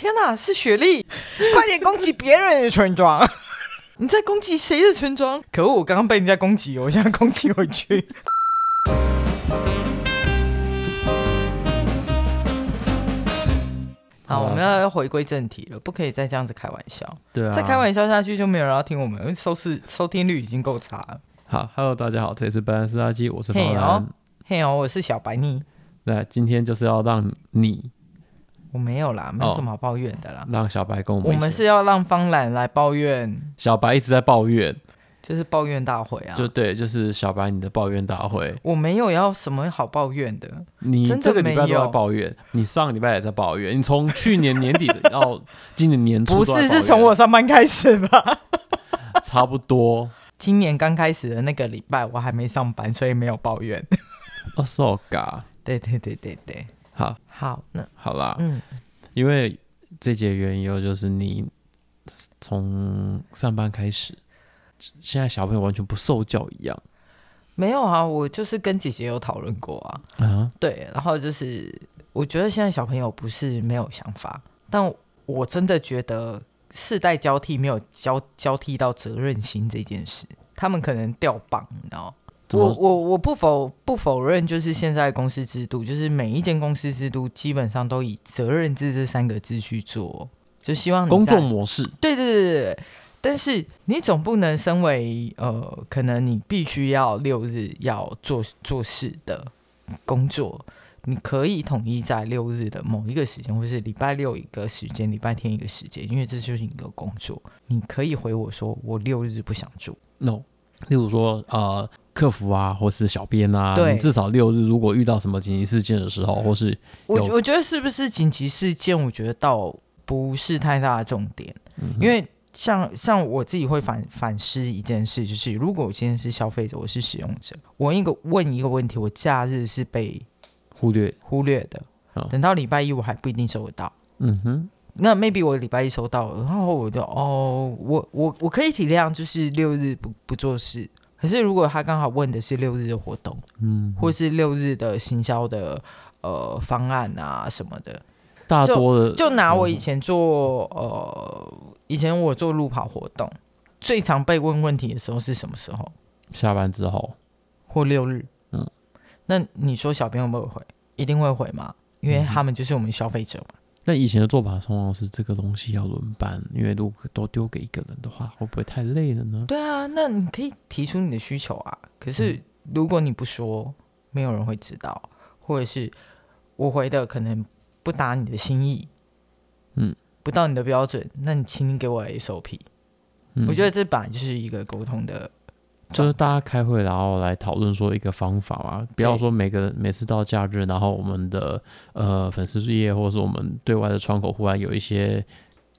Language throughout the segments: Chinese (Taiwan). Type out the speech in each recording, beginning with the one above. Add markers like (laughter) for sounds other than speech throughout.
天哪、啊，是雪莉！ (laughs) 快點攻擊別人的村莊！ (laughs) 你在攻擊誰的村莊？可惡，我剛剛被人家攻擊，我現在攻擊回去。 (music) 好，啊、我們要回歸正題了，不可以再這樣子開玩笑。對啊。再開玩笑下去就沒有人要聽我們，因為收視收聽率已經夠差了。好，Hello，大家好，這裡是白蘭斯垃圾，我是潘陽。嘿哦，嘿哦，我是小白膩。那今天就是要讓你。我沒有啦，沒有什麼好抱怨的啦。哦、讓小白跟我們，我們是要讓方蘭來抱怨。小白一直在抱怨，就是抱怨大會啊！就對，就是小白你的抱怨大會。我沒有要什麼好抱怨的，你這個禮拜都在抱怨，你上個禮拜也在抱怨，你從去年年底到今年年初， (laughs) 不是是從我上班開始吧？ (laughs) 差不多，今年剛開始的那個禮拜我還沒上班，所以沒有抱怨。哦 my god 對對對對對。好好，那好了啦，嗯，因為這節緣由就是你從上班開始，現在小朋友完全不受教一樣。沒有啊，我就是跟姐姐有討論過啊。啊、嗯哼，對，然後就是我覺得現在小朋友不是沒有想法，但我真的覺得世代交替沒有交交替到責任心這件事，他們可能掉棒，你知道？我我我不否不否認，就是現在公司制度，就是每一間公司制度基本上都以責任制這三個字去做，就希望工作模式對對對，但是你總不能身為呃，可能你必須要六日要做做事的工作，你可以統一在六日的某一個時間，或是禮拜六一個時間，禮拜天一個時間，因為這就是你的工作，你可以回我說我六日不想做，no，例如說呃。客服啊，或是小編啊，對你至少六日。如果遇到什麼緊急事件的時候，或是我我覺得是不是緊急事件？我覺得倒不是太大的重點，嗯、哼因為像像我自己會反反思一件事，就是如果我今天是消費者，我是使用者，我一個問一個問題，我假日是被忽略忽略的，嗯、等到禮拜一我還不一定收得到。嗯哼，那 maybe 我禮拜一收到了，然後我就哦，我我我可以體諒，就是六日不不做事。可是，如果他剛好問的是六日的活動，嗯哼，或是六日的行銷的呃方案啊什麼的，大多的就拿我以前做、嗯、哼呃，以前我做路跑活動，最常被問問題的時候是什麼時候？下班之後，或六日。嗯，那你說小朋友會不會回？一定會回嗎？因為他們就是我們消費者嘛。嗯那以前的做法，通常是這個東西要輪班，因為如果都丟給一個人的話，會不會太累了呢？對啊，那你可以提出你的需求啊。可是如果你不說，沒有人會知道，嗯、或者是我回的可能不達你的心意，嗯，不到你的標準，那你請你給我 SOP。嗯、我覺得這本來就是一個溝通的。就是大家開會，然後來討論說一個方法啊。不要對說每個每次到假日，然後我們的呃粉絲頁，或者是我們對外的窗口，忽然有一些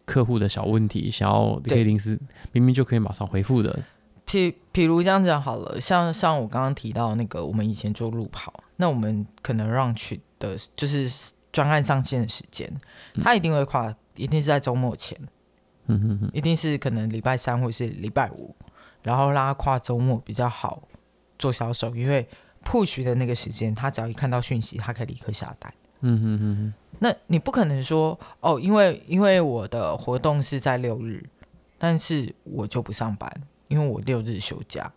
客戶的小問題，想要可以臨時，對明明就可以馬上回覆的。譬譬如這樣講好了，像像我剛剛提到的那個，我們以前做路跑，那我們可能 launch 的就是專案上線的時間，他一定會跨，嗯、一定是在周末前，嗯哼哼，一定是可能禮拜三或是禮拜五。然後拉跨周末比較好做銷售，因為 push 的那個時間，他只要一看到訊息，他可以立刻下單。嗯嗯嗯哼哼，那你不可能說哦，因為因為我的活動是在六日，但是我就不上班，因為我六日休假。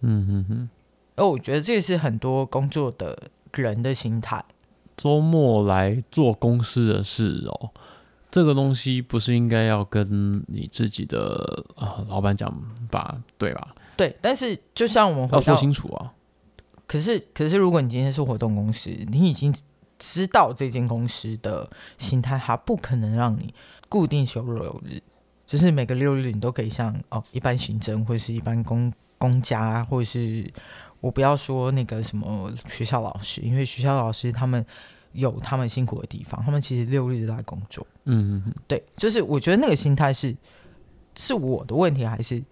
嗯嗯嗯，哦，我覺得這是很多工作的人的心態，周末來做公司的事哦。這個東西不是應該要跟你自己的啊、呃、老闆講吧，對吧？對，但是就像我們要說清楚啊。可是可是，可是如果你今天是活動公司，你已經知道這間公司的心態，它不可能讓你固定休六日，就是每個六日你都可以像哦，一般行政或是一般公公家，或者是我不要說那個什麼學校老師，因為學校老師他們有他們辛苦的地方，他們其實六日都在工作。嗯嗯嗯，對，就是我覺得那個心態是是我的問題還是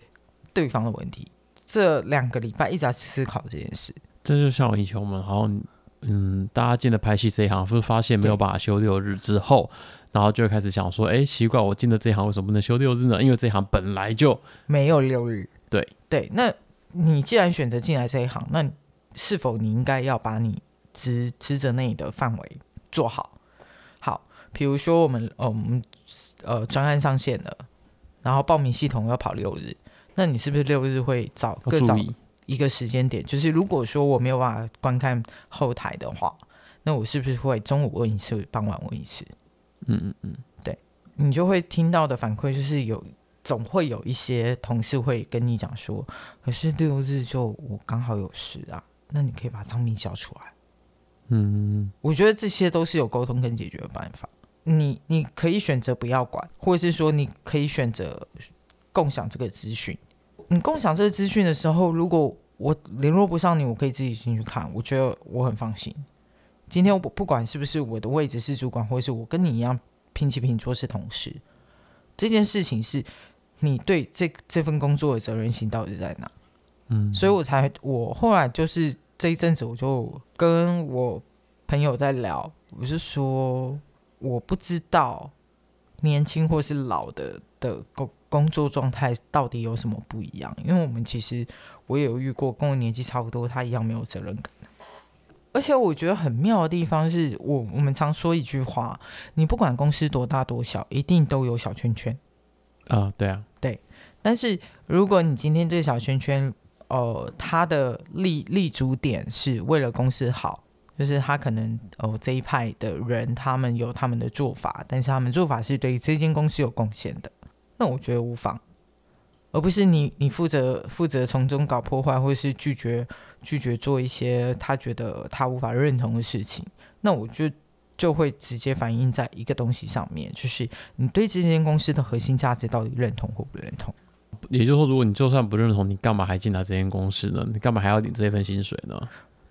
對方的問題？這兩個禮拜一直在思考這件事。這就像我以前我們好像，然後嗯，大家進了拍戲這一行，是發現沒有辦法休六日之後，對然後就開始想說，哎，奇怪，我進了這一行為什麼不能休六日呢？因為這一行本來就沒有六日。對對，那你既然選擇進來這一行，那是否你應該要把你職職責內的範圍做好？比如說我們，我們呃，專案上線了，然後報名系統要跑六日，那你是不是六日會找各找一個時間點？就是如果說我沒有辦法觀看後台的話，那我是不是會中午問一次，傍晚問一次？嗯嗯嗯，對，你就會聽到的反饋就是有總會有一些同事會跟你講說，可是六日就我剛好有事啊，那你可以把帳密交出來。嗯，嗯，我覺得這些都是有溝通跟解決的辦法。你你可以選擇不要管，或者是說你可以選擇共享這個資訊。你共享這個資訊的時候，如果我聯絡不上你，我可以自己進去看，我覺得我很放心。今天我不，不管是不是我的位置是主管，或者是我跟你一樣平起平坐是同事，這件事情是你對這這份工作的責任心到底在哪？嗯，所以我才我後來就是這一陣子，我就跟我朋友在聊，我是說。我不知道年輕或是老的的工工作狀態到底有什麼不一樣，因為我們其實我也有遇過跟我年紀差不多，他一樣沒有責任感。而且我覺得很妙的地方是我我們常說一句話，你不管公司多大多小，一定都有小圈圈啊、哦。對啊，對。但是如果你今天這個小圈圈，哦、呃，他的立立足點是為了公司好。就是他可能哦這一派的人，他們有他們的做法，但是他們做法是對這間公司有貢獻的。那我覺得無妨，而不是你你負責負責從中搞破壞，或是拒絕拒絕做一些他覺得他無法認同的事情。那我就就會直接反映在一個東西上面，就是你對這間公司的核心價值到底認同或不認同。也就是說，如果你就算不認同，你幹嘛還進來這間公司呢？你幹嘛還要領這份薪水呢？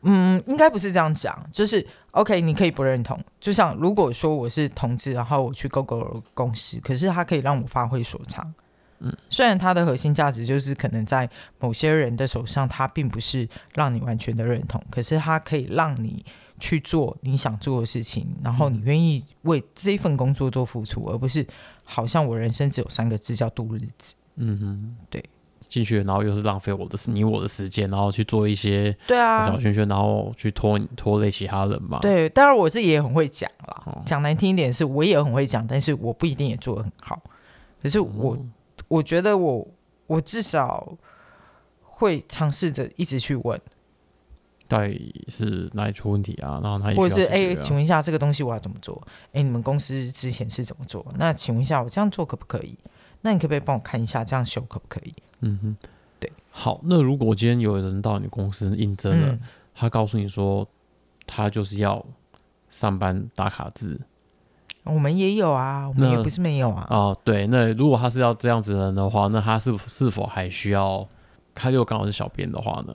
嗯，應該不是這樣講，就是 OK，你可以不認同。就像如果說我是同志，然後我去 Google 公司，可是它可以讓我發揮所長。嗯，雖然它的核心價值就是可能在某些人的手上，他並不是讓你完全的認同，可是他可以讓你去做你想做的事情，然後你願意為這份工作做付出，而不是好像我人生只有三個字叫度日子。嗯哼，對。進去，然後又是浪費我的時你我的時間，然後去做一些小圈圈，然後去拖拖累其他人嘛。對，當然我自己也很會講啦。講、嗯、難聽一點是，我也很會講，但是我不一定也做得很好。可是我，嗯、我覺得我，我至少會嘗試着一直去問，到底是哪裡出問題啊？然後、啊、或者是哎、欸，請問一下這個東西我要怎麼做？哎、欸，你們公司之前是怎麼做？那請問一下，我這樣做可不可以？那你可不可以幫我看一下，這樣修可不可以？嗯哼，對。好，那如果今天有人到你公司應徵了，嗯、他告訴你說他就是要上班打卡制，我們也有啊，我們也不是沒有啊。哦，對，那如果他是要這樣子的人的話，那他是是否還需要？他就剛好是小編的話呢？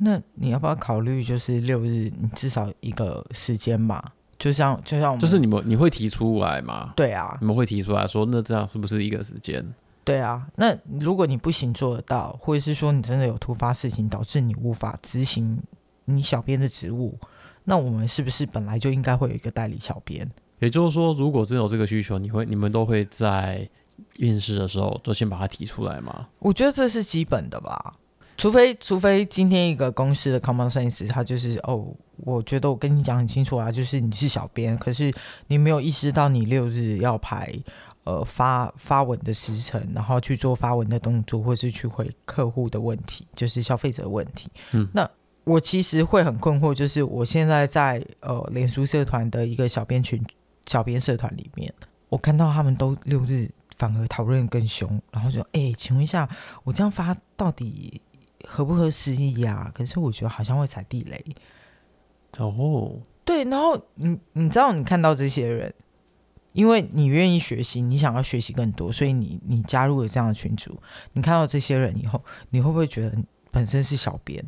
那你要不要考慮，就是六日你至少一個時間吧？就像就像我們就是你們，你會提出來嗎？對啊，你們會提出來說，那這樣是不是一個時間？對啊，那如果你不行做得到，或者是說你真的有突發事情導致你無法執行你小編的職務，那我們是不是本來就應該會有一個代理小編？也就是說，如果真有這個需求，你會你們都會在面試的時候都先把它提出來嗎？我覺得這是基本的吧。除非除非今天一個公司的 common sense，他就是哦，我覺得我跟你講很清楚啊，就是你是小編，可是你沒有意識到你六日要排呃發發文的時辰，然後去做發文的動作，或是去回客戶的問題，就是消費者的問題。嗯，那我其實會很困惑，就是我現在在呃臉書社團的一個小編群、小編社團裡面，我看到他們都六日反而討論更兇，然後就哎，請問一下，我這樣發到底合不合時宜呀？可是我覺得好像會踩地雷。哦，oh. 對，然後你你知道你看到這些人，因為你願意學習，你想要學習更多，所以你你加入了這樣的群組。你看到這些人以後，你會不會覺得本身是小編？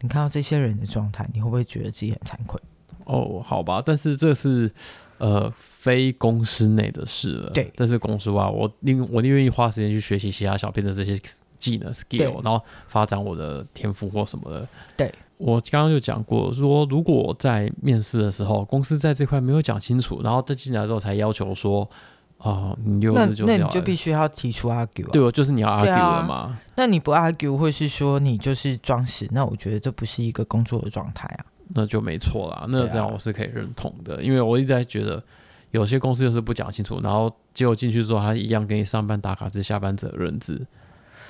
你看到這些人的狀態，你會不會覺得自己很慚愧？哦，oh, 好吧，但是這是呃非公司內的事了。對，但是公司外，我寧我寧願花時間去學習其他小編的這些。技能 skill，然後發展我的天賦或什麼的。對，我剛剛就講過說，如果我在面試的時候，公司在這塊沒有講清楚，然後在進來之後才要求說，哦，你又是就是那，那你就必須要提出 argue、啊。對，我就是你要 argue 了嗎？那你不 argue，或是說你就是裝死？那我覺得這不是一個工作的狀態啊。那就沒錯了，那這樣我是可以認同的，啊、因為我一直在覺得有些公司就是不講清楚，然後結果進去之後，他一樣給你上班打卡制，下班責任制。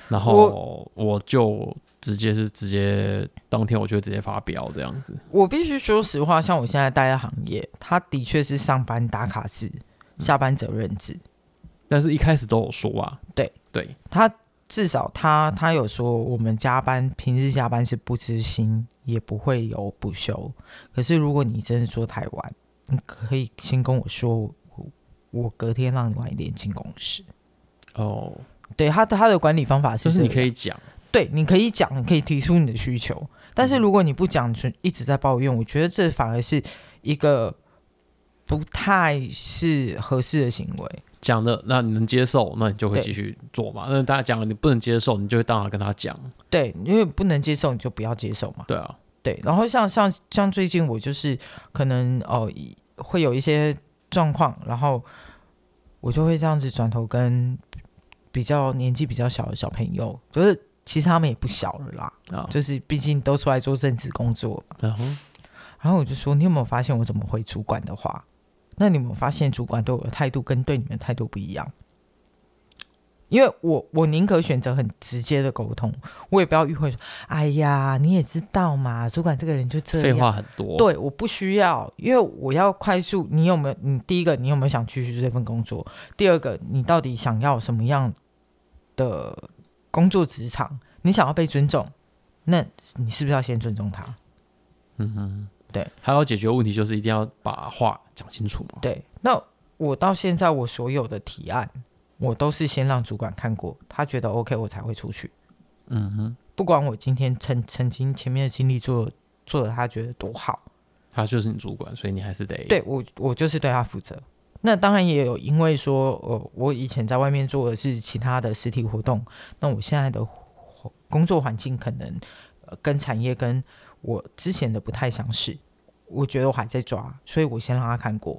然後我就直接是直接我當天我就直接發飆這樣子。我必須說實話，像我現在待的行業，他的確是上班打卡制，嗯、下班責任制。但是一開始都有說啊，對對，對他至少他他有說，我們加班平日加班是不支薪，也不會有補休。可是如果你真的做太晚，你可以先跟我說，我我隔天讓你晚一點進公司。哦。對他，他的管理方法是什麼？是你可以講，對，你可以講，你可以提出你的需求。但是如果你不講，就一直在抱怨，我覺得這反而是一個不太是合適的行為。講的，那你能接受，那你就會繼續做嘛。對那大家講了你不能接受，你就會當然跟他講。對，因為不能接受，你就不要接受嘛。對啊，對。然後像像像最近我就是可能哦、呃、會有一些狀況，然後我就會這樣子轉頭跟。比較年紀比較小的小朋友，可，就是其實他們也不小了啦。Oh. 就是畢竟都出來做正職工作，uh huh. 然後我就說：“你有沒有發現我怎麼回主管的話？那你有沒有發現主管對我的態度跟對你們態度不一樣？因為我我寧可選擇很直接的溝通，我也不要迂回說。哎呀，你也知道嘛，主管這個人就這樣，廢話很多。對，我不需要，因為我要快速。你有沒有？你第一個，你有沒有想繼續這份工作？第二個，你到底想要什麼樣？”的工作職場，你想要被尊重，那你是不是要先尊重他？嗯哼，對。還有解決問題，就是一定要把話講清楚嘛。對，那我到現在我所有的提案，我都是先讓主管看過，他覺得 OK，我才會出去。嗯哼，不管我今天曾曾經前面的經歷做做的他覺得多好，他就是你主管，所以你還是得對我，我就是對他負責。那當然也有，因為說，呃，我以前在外面做的是其他的實體活動，那我現在的活工作環境可能、呃、跟產業跟我之前的不太相似。我覺得我還在抓，所以我先讓他看過。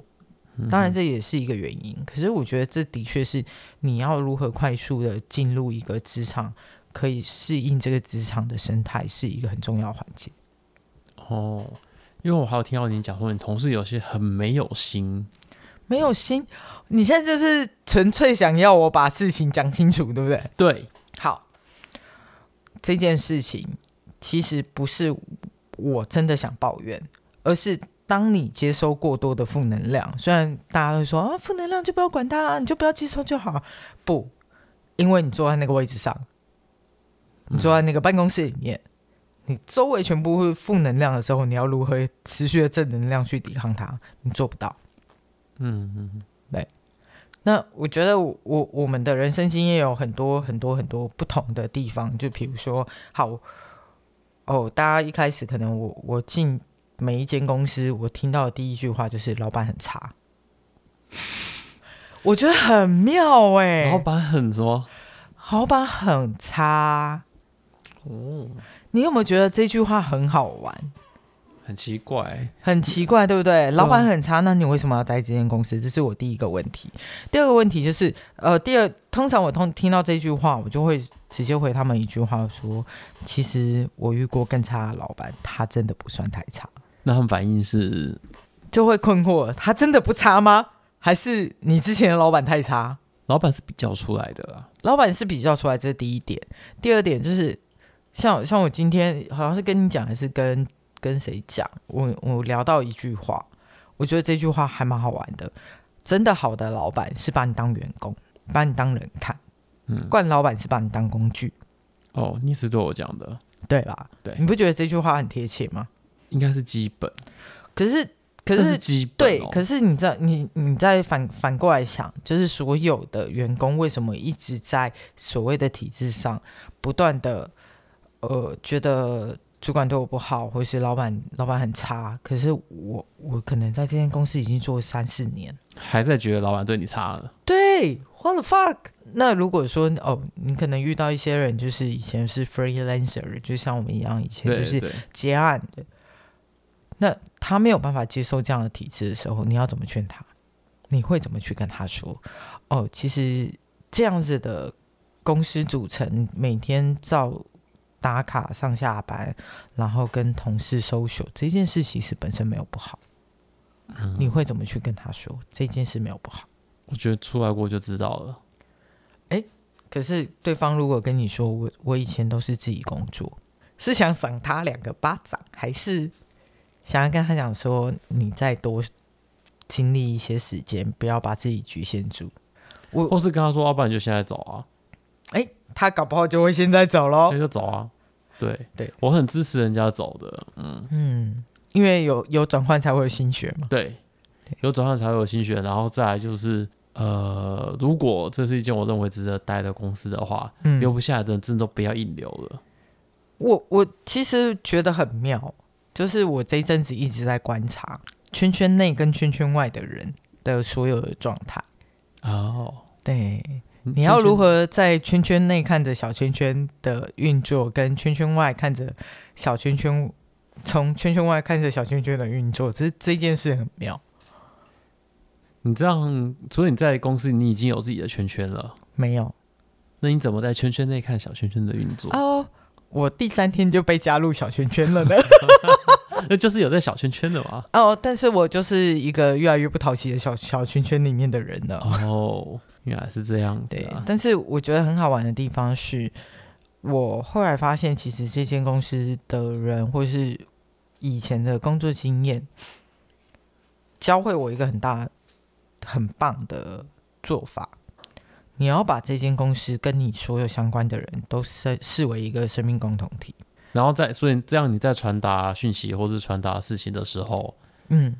嗯、哼當然這也是一個原因。可是我覺得這的確是你要如何快速的進入一個職場，可以適應這個職場的生態，是一個很重要環節。哦，因為我還有聽到你講說，你同事有些很沒有心。沒有心，你現在就是純粹想要我把事情講清楚，對不對？對，好。這件事情其實不是我真的想抱怨，而是當你接收過多的負能量，雖然大家都說啊，負能量就不要管它，你就不要接收就好。不，因為你坐在那個位置上，你坐在那個辦公室裡面，你周圍全部會負能量的時候，你要如何持續的正能量去抵抗它？你做不到。嗯嗯嗯，對。那我覺得我我我們的人生經驗有很多很多很多不同的地方，就比如說，好哦，大家一開始可能我我進每一間公司，我聽到的第一句話就是老闆很差， (laughs) 我覺得很妙哎、欸，老闆很什麼？老闆很差。哦，你有沒有覺得這句話很好玩？很奇怪、欸，很奇怪，對不對？嗯、老板很差，那你為什麼要待這間公司？這是我第一個問題。第二個問題就是，呃，第二，通常我通聽到這句話，我就會直接回他們一句話說：“其實我遇過更差的老板，他真的不算太差。”那他們反應是就會困惑：“他真的不差嗎？還是你之前的老板太差？”老板是比較出來的，老板是比較出來，這、就是第一點。第二點就是，像像我今天好像是跟你講，還是跟。跟誰講？我我聊到一句話，我覺得這句話還蠻好玩的。真的好的老闆是把你當員工，把你當人看。嗯，慣老闆是把你當工具。哦，你是對我講的，對吧？對，你不覺得這句話很貼切嗎？應該是基本。可是，可是，這是基本哦。對，可是你在你你在反反過來想，就是所有的員工為什麼一直在所謂的體制上不斷的呃覺得。主管對我不好，或是老闆老闆很差，可是我我可能在這間公司已經做了三四年，還在覺得老闆對你差了。對，What the fuck？那如果說哦，你可能遇到一些人，就是以前是 freelancer，就像我們一樣，以前就是接案的，那他沒有辦法接受這樣的體制的時候，你要怎麼勸他？你會怎麼去跟他說？哦，其實這樣子的公司組成，每天照打卡上下班，然後跟同事 social，這件事其實本身沒有不好。嗯、你會怎麼去跟他說這件事沒有不好？我覺得出來過就知道了。哎、欸，可是對方如果跟你說我我以前都是自己工作，是想賞他兩個巴掌，還是想要跟他講說你再多經歷一些時間，不要把自己局限住？我我是跟他說，要不然你就現在走啊？哎、欸。他搞不好就會現在走嘍，那、欸、就走啊！對對，我很支持人家走的，嗯嗯，因為有有轉換才會有新血嘛，對，有轉換才會有新血，然後再來就是呃，如果這是一件我認為值得待的公司的話，嗯、留不下來的真的都不要硬留了。我我其實覺得很妙，就是我這一陣子一直在觀察圈圈內跟圈圈外的人的所有的狀態。哦，對。你要如何在圈圈內看着小圈圈的運作，跟圈圈外看着小圈圈？從圈圈外看着小圈圈的運作，這這件事很妙。你這樣，所以你在公司，你已經有自己的圈圈了？沒有。那你怎麼在圈圈內看小圈圈的運作？哦，我第三天就被加入小圈圈了呢。那就是有在小圈圈的嘛？哦，但是我就是一個越來越不討喜的小小圈圈裡面的人了。哦。原來是這樣子、啊，但是我覺得很好玩的地方是，我後來發現，其實這間公司的人，或是以前的工作經驗，教會我一個很大、很棒的做法：你要把這間公司跟你所有相關的人都，都視為一個生命共同體。然後再，所以這樣你在傳達訊息或是傳達事情的時候，嗯。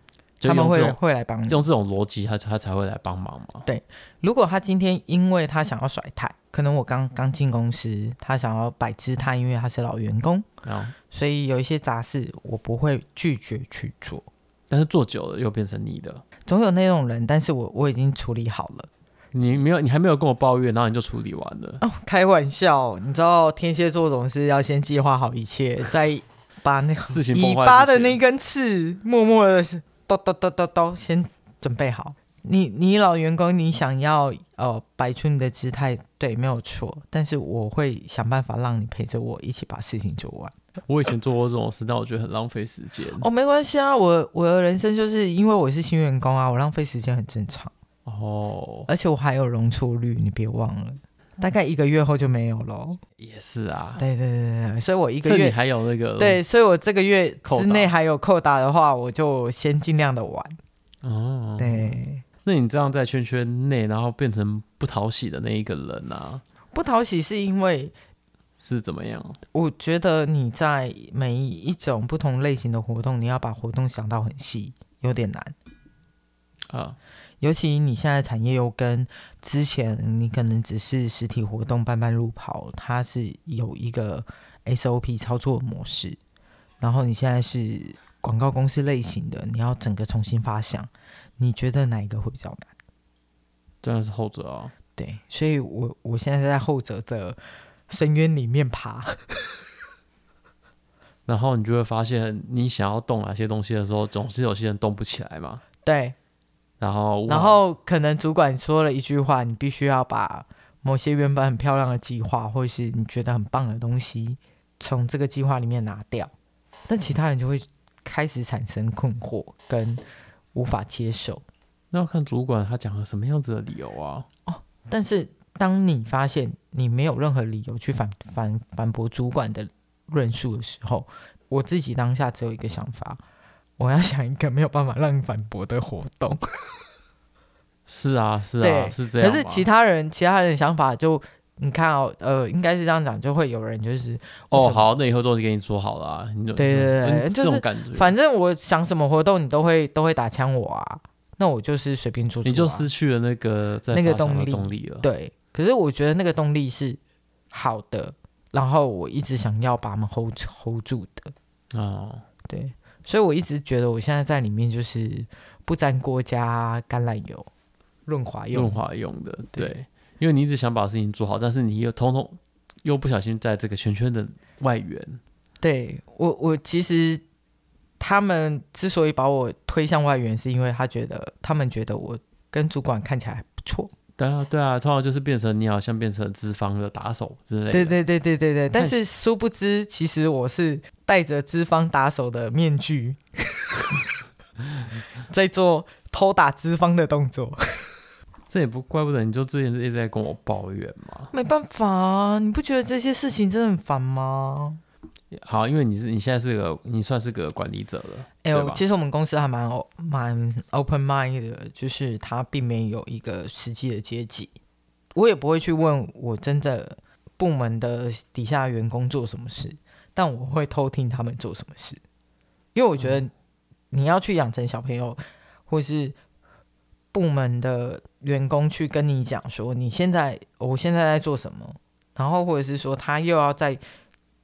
他們會會來幫你用這種邏輯，他他才會來幫忙嗎？對，如果他今天因為他想要甩態，可能我剛剛進公司，他想要擺姿態，因為他是老員工，嗯、所以有一些雜事我不會拒絕去做，但是做久了又變成你的，總有那種人，但是我我已經處理好了。你沒有，你還沒有跟我抱怨，然後你就處理完了？哦，開玩笑，你知道天蠍座總是要先計劃好一切， (laughs) 再把那個尾巴的那根刺，默默的。都都都都都，先準備好。你你老員工，你想要呃擺出你的姿態，對，沒有錯。但是我會想辦法讓你陪着我一起把事情做完。我以前做過這種事， (laughs) 但我覺得很浪費時間。哦，沒關係啊，我我的人生就是因為我是新員工啊，我浪費時間很正常。哦，而且我還有容錯率，你別忘了。大概一個月後就沒有了。也是啊。對對對，對，所以我一個月這裡還有那個。對，所以我這個月之內還有扣打的話，我就先盡量的玩。哦、啊。對。那你這樣在圈圈內，然後變成不討喜的那一個人啊？不討喜是因為是怎麼樣？我覺得你在每一種不同類型的活動，你要把活動想到很細，有點難。啊。尤其，你現在產業又跟之前，你可能只是實體活動辦辦路跑，它是有一個 SOP 操作模式，然後你現在是廣告公司類型的，你要整個重新發想，你覺得哪一個會比較難？真的是後者啊。對，所以我我現在在後者的深淵裡面爬， (laughs) 然後你就會發現，你想要動哪些東西的時候，總是有些人動不起來嘛。對。然後，然後可能主管說了一句話，你必須要把某些原本很漂亮的計劃，或是你覺得很棒的東西，從這個計劃裡面拿掉，但其他人就會開始產生困惑跟無法接受。那要看主管他講了什麼樣子的理由啊。哦，但是當你發現你沒有任何理由去反反反駁主管的論述的時候，我自己當下只有一個想法。我要想一個沒有辦法讓你反駁的活動。 (laughs) 是啊，是啊，對是這樣。可是其他人，其他人的想法就你看哦，呃，應該是這樣講，就會有人就是哦，好，那以後都是給你做好了、啊。對，對對對，反正我想什麼活動，你都會都會打槍我啊。那我就是隨便做、啊，你就失去了那個在了那個動力了。對，可是我覺得那個動力是好的，然後我一直想要把他們 hold hold 住的。哦、嗯，對。所以我一直覺得我現在在裡面就是不粘鍋加橄欖油用，潤滑潤滑用的，對，對因為你一直想把事情做好，但是你又通通又不小心在這個圈圈的外緣。對我，我其實他們之所以把我推向外援，是因為他覺得他們覺得我跟主管看起來還不錯。對啊，對啊，通常就是變成你好像變成脂肪的打手之類。對對對對對對，但是殊不知，看其實我是帶着脂肪打手的面具， (laughs) 在做偷打脂肪的動作。這也不怪不得你，就之前一直在跟我抱怨嘛。沒辦法啊，你不覺得這些事情真的很煩嗎？好，因為你是你現在是個，你算是個管理者了。哎、欸、對吧？其實我們公司還蠻蠻 open mind 的，就是它並沒有一個實際的階級。我也不會去問我真的部門的底下員工做什麼事，但我會偷聽他們做什麼事，因為我覺得你要去養成小朋友，嗯、或是部門的員工去跟你講說你現在、哦、我現在在做什麼，然後或者是說他又要在。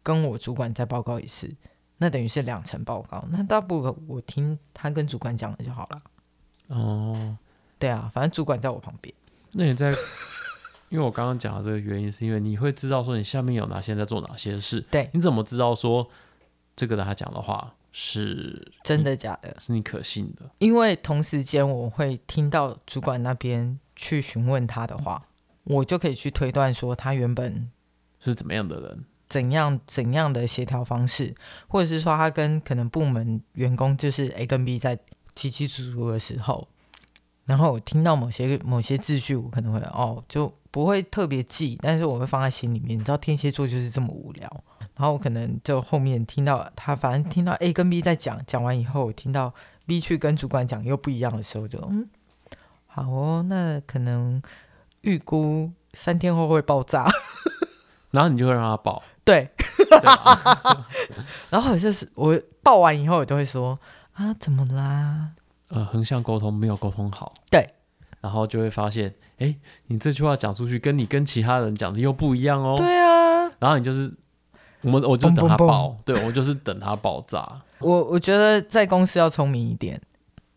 跟我主管再報告一次，那等於是兩層報告。那大部分我聽他跟主管講的就好了。哦、嗯，對啊，反正主管在我旁邊。那你在， (laughs) 因為我剛剛講的這個原因，是因為你會知道說你下面有哪些在做哪些事。對，你怎麼知道說這個他講的話是真的假的？是你可信的？因為同時間我會聽到主管那邊去詢問他的話，嗯、我就可以去推斷說他原本是怎麼樣的人。怎樣怎樣的協調方式，或者是說他跟可能部門員工就是 A 跟 B 在嘰嘰喳喳的時候，然後我聽到某些某些字句，我可能會哦就不會特別記，但是我會放在心裡面。你知道天蠍座就是這麼無聊，然後我可能就後面聽到他，反正聽到 A 跟 B 在講講完以後，我聽到 B 去跟主管講又不一樣的時候就，就嗯好哦，那可能預估三天後會爆炸，然後你就會讓他爆。對，然後就是我報完以後，我就會說啊，怎麼啦？呃，橫向溝通沒有溝通好。對，然後就會發現，哎、欸，你這句話講出去，跟你跟其他人講的又不一樣哦。對啊。然後你就是，我們我就等他爆，砰砰砰對我就是等他爆炸。我我覺得在公司要聰明一點，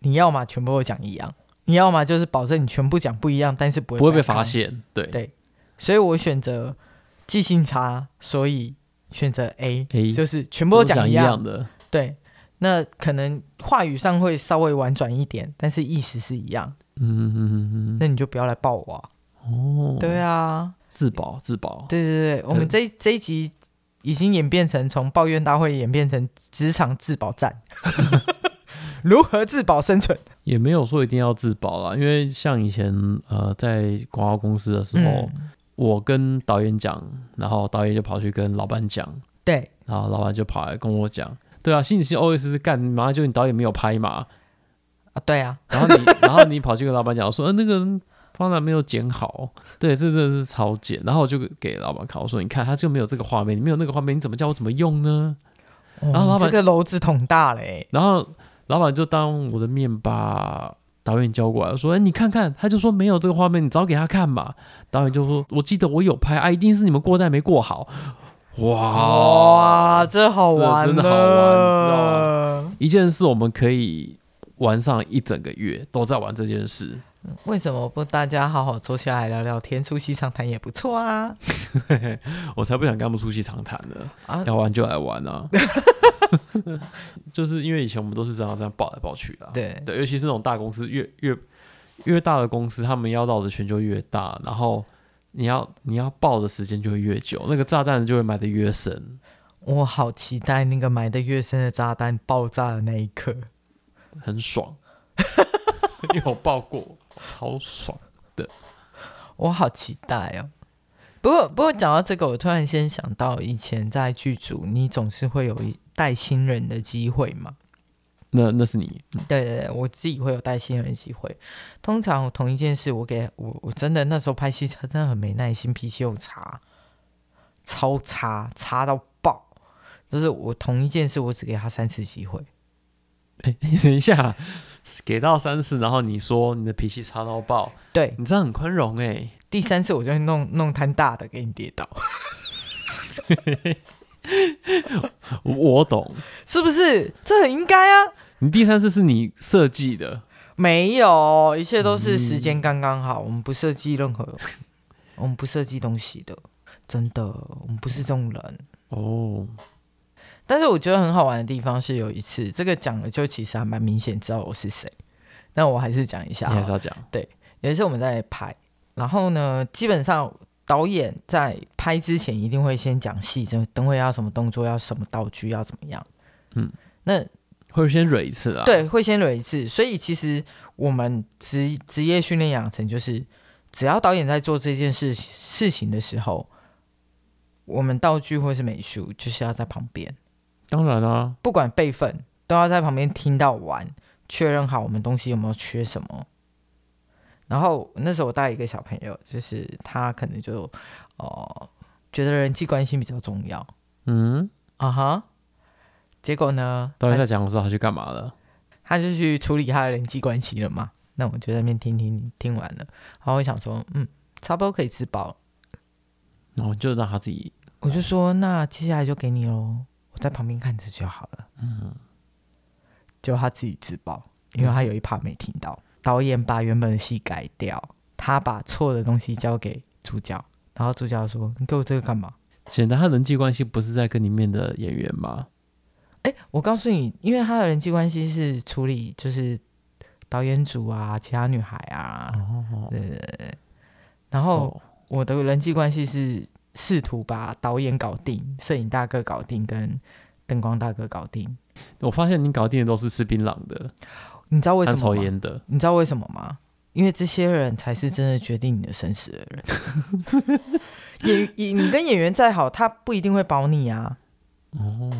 你要嘛全部都講一樣，你要嘛就是保證你全部講不一樣，但是不會不會被發現。對對，所以我選擇。記性差，所以選擇 A，A 就是全部都講一樣，講一樣的。對，那可能話語上會稍微婉轉一點，但是意思是一樣。嗯嗯嗯嗯，那你就不要來抱我、啊、哦。對啊，自保自保。自保對對對，是我們這，這一集已經演變成從抱怨大會演變成職場自保戰， (laughs) 如何自保生存？也沒有說一定要自保啊，因為像以前呃，在廣告公司的時候。嗯我跟導演講，然後導演就跑去跟老闆講，對，然後老闆就跑來跟我講，對啊，信息 always 是幹嘛？馬上就你導演沒有拍嘛？啊，對啊。然後你，然後你跑去跟老闆講， (laughs) 我說，呃，那個方案沒有剪好，對，這個，真的是超剪。然後我就給老闆看，我說，你看，他就沒有這個畫面，你沒有那個畫面，你怎麼叫我怎麼用呢？嗯、然後老闆這個簍子捅大了、欸。然後老闆就當我的面把。導演叫過來，說：“哎、欸，你看看。”他就說：“沒有這個畫面，你找給他看吧。”導演就說：“我記得我有拍啊，一定是你們過帶沒過好。哇”哇，真好玩這，真的好玩！一件事我們可以玩上一整個月，都在玩這件事。為什麼不大家好好坐下來聊聊天，促膝長談也不錯啊？ (laughs) 我才不想跟他們促膝長談呢！啊、要玩就來玩啊！ (laughs) (laughs) (laughs) 就是因為以前我們都是這樣這樣抱來抱去的，對對，尤其是那種大公司，越越越大的公司，他們要繞的圈就越大，然後你要你要抱的時間就會越久，那個炸彈就會埋得越深。我好期待那個埋得越深的炸彈爆炸的那一刻，很爽， (laughs) (laughs) 因為我抱過，超爽的。 (laughs) 我好期待哦。不過不過講到這個，我突然先想到以前在劇組，你總是會有一。帶新人的機會嘛？那那是你對，對對，我自己會有帶新人的機會。通常我同一件事我，我給我我真的那時候拍戲，他真的很沒耐心，脾氣又差，超差差到爆。就是我同一件事，我只給他三次機會。哎、欸，等一下，給到三次，然後你說你的脾氣差到爆，對你這樣很寬容哎、欸。第三次我就會弄弄攤大的給你跌倒。 (laughs) (laughs) (laughs) 我，我懂，是不是？這很應該啊！你第三次是你設計的，沒有，一切都是時間剛剛好。嗯、我們不設計任何， (laughs) 我們不設計東西的，真的，我們不是這種人哦。但是我覺得很好玩的地方是有一次，這個講了就其實還蠻明顯知道我是誰，那我還是講一下。你還是要講？對，有一次我們在拍，然後呢，基本上。導演在拍之前一定會先講戲，等會要什麼動作，要什麼道具，要怎麼樣。嗯，那會先蕊一次啊？對，會先蕊一次。所以其實我們職職業訓練養成就是，只要導演在做這件事事情的時候，我們道具或是美術，就是要在旁邊。當然啊，不管輩分都要在旁邊聽到完，確認好我們東西有沒有缺什麼？然後那時候我帶一個小朋友，就是他可能就哦、呃、覺得人際關係比較重要，嗯啊哈、uh huh，結果呢，導演在講的時候他去幹嘛了？他就去處理他的人際關係了嘛。那我就在那邊聽聽聽完了，然後我想說，嗯，差不多可以自爆，然後就讓他自己，我就說、嗯、那接下來就給你咯，我在旁邊看着就好了，嗯，就他自己自爆，因為他有一趴沒聽到。導演把原本的戲改掉，他把錯的東西交給主角，然後主角說：“你給我這個幹嘛？”顯得，他人際關係不是在跟裡面的演員嗎？欸、我告訴你，因為他的人際關係是處理就是導演組啊、其他女孩啊，oh, oh. 然後我的人際關係是試圖把導演搞定、攝影大哥搞定、跟燈光大哥搞定。我發現你搞定的都是吃檳榔的。你知道為什麼？你知道為什麼嗎？因為這些人才是真的決定你的生死的人。演 (laughs) 演， (laughs) 你跟演員再好，他不一定會保你啊。哦，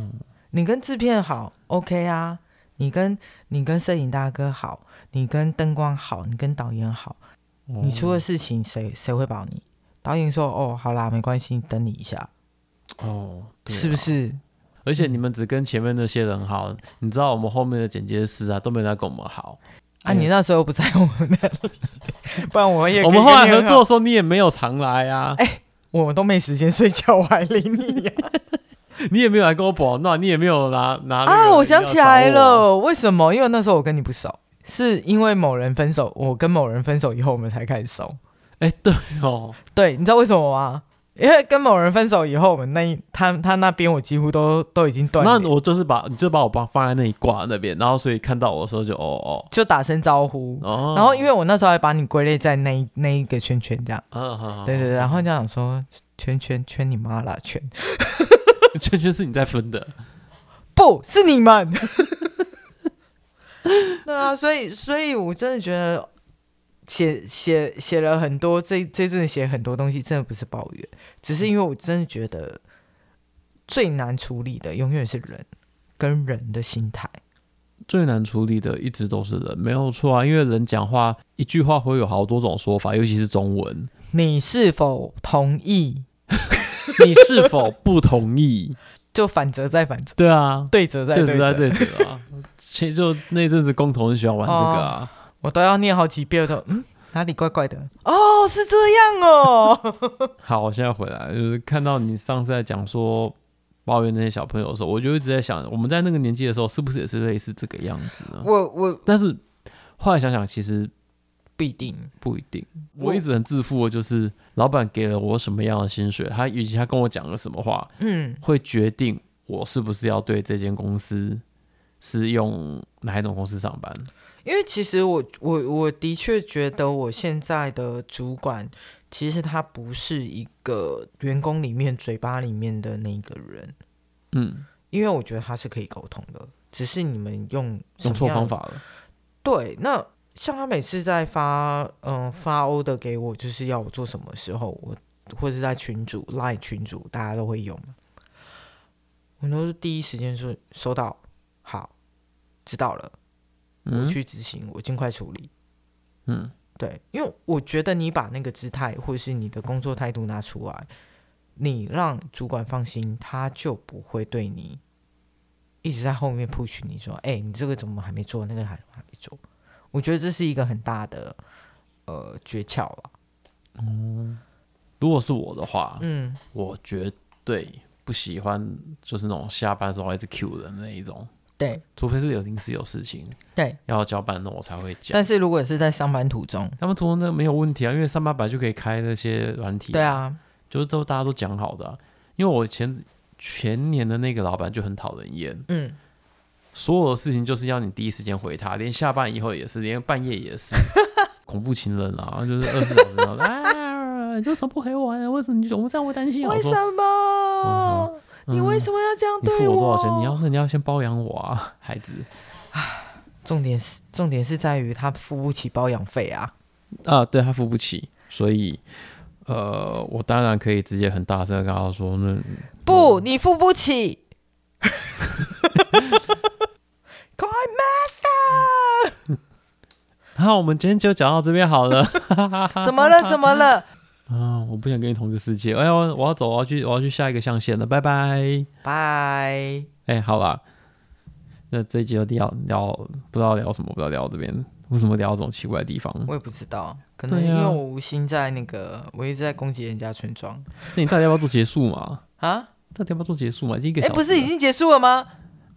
你跟制片好，OK 啊。你跟你跟攝影大哥好，你跟燈光好，你跟導演好，哦、你出了事情，誰誰會保你？導演說：“哦，好啦，沒關係，等你一下。”哦，是不是？而且你們只跟前面那些人好，你知道我們後面的剪接師啊，都沒來跟我們好啊。你那時候不在我們那裡，不然我們也我們後來合作的時候，你也沒有常來啊。哎、欸，我們都沒時間睡覺，啊，我還理你？你也沒有來跟我保暖，那你也沒有拿拿啊。我想起來了，為什麼？因為那時候我跟你不熟，是因為某人分手，我跟某人分手以後，我們才開始熟。哎、欸，對哦，對，你知道為什麼嗎？因為跟某人分手以後，我們那一他他那邊我幾乎都都已經斷了。那我就是把你就把我把放在那裡掛那邊，然後所以看到我的時候就哦，哦，就打聲招呼。哦。然後因為我那時候還把你歸類在那一那一個圈圈這樣。嗯、哦。好好對對對。然後就想說圈圈圈你媽啦圈，圈圈是你在分的， (laughs) 不是你們。 (laughs) 對啊，所以所以我真的覺得。寫寫寫了很多，這這陣寫很多東西，真的不是抱怨，只是因為我真的覺得最難處理的永遠是人跟人的心態。最難處理的一直都是人，沒有錯啊，因為人講話一句話會有好多種說法，尤其是中文。你是否同意？ (laughs) 你是否不同意？ (laughs) 就反折再反折，對啊，對折再對折再對折啊。其實 (laughs) 就那陣子共同很喜歡玩這個啊。哦我都要念好幾遍的，嗯，哪裡怪怪的？哦，是這樣哦。 (laughs) 好，我現在回來，就是看到你上次在講說抱怨那些小朋友的時候，我就一直在想，我們在那個年紀的時候，是不是也是類似這個樣子呢？我我，我但是後來想想，其實必定不一定。我一直很自負的，就是老板給了我什麼樣的薪水，他以及他跟我講了什麼話，嗯，會決定我是不是要對這間公司是用哪一種公司上班。因為其實我我我的確覺得我現在的主管，其實他不是一個員工裡面嘴巴裡面的那個人，嗯，因為我覺得他是可以溝通的，只是你們用用錯方法了。對，那像他每次在發嗯、呃、發 order 給我，就是要我做什麼時候，我或者在群組 LINE 群組，大家都會用，我都是第一時間說收到，好，知道了。我去執行，我盡快處理。嗯，對，因為我覺得你把那個姿態或者是你的工作態度拿出來，你讓主管放心，他就不會對你一直在後面 push 你說，哎、欸，你這個怎麼還沒做，那個還還沒做。我覺得這是一個很大的呃訣竅了。如果是我的話，嗯，我絕對不喜歡就是那種下班之後一直 Q 的人那一種。對，除非是有臨時有事情，對，要交班了我才會講。但是如果是在上班途中，他們途中，那沒有問題啊，因為上班本來就可以開那些軟體啊。對啊，就是都大家都講好的啊。因為我前前年的那個老闆就很討人厭，嗯，所有的事情就是要你第一時間回他，連下班以後也是，連半夜也是， (laughs) 恐怖情人啊，就是二十四小時啊，你為什麼不回我呀？為什麼你就我這樣會擔心我，為什麼？嗯嗯嗯你為什麼要這樣對我？嗯、你付我多少錢？你要你要先包養我啊，孩子！啊，重點是重點是在於他付不起包養費啊！啊，對他付不起，所以呃，我當然可以直接很大聲跟他說：“那不，我你付不起！”Coin Master，然後我們今天就講到這邊好了。 (laughs) (laughs) 怎麼了？怎麼了？啊、嗯，我不想跟你同一個世界，哎、欸、呀，我要走，我要去，我要去下一個象限了，拜拜，拜 Bye，哎、欸，好了，那這一集要聊，聊不知道聊什麼，不知道聊這邊，為什麼聊這種奇怪的地方？我也不知道，可能因為我無心在那個，啊、我一直在攻擊人家村莊。那、欸、你到底要不要做結束嘛？ (laughs) 啊，到底要不要做結束嘛？已經一個小時哎、欸，不是已經結束了嗎？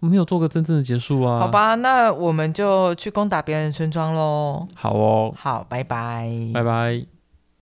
我沒有做個真正的結束啊。好吧，那我們就去攻打別人村莊嘍。好哦，好，拜拜，拜拜。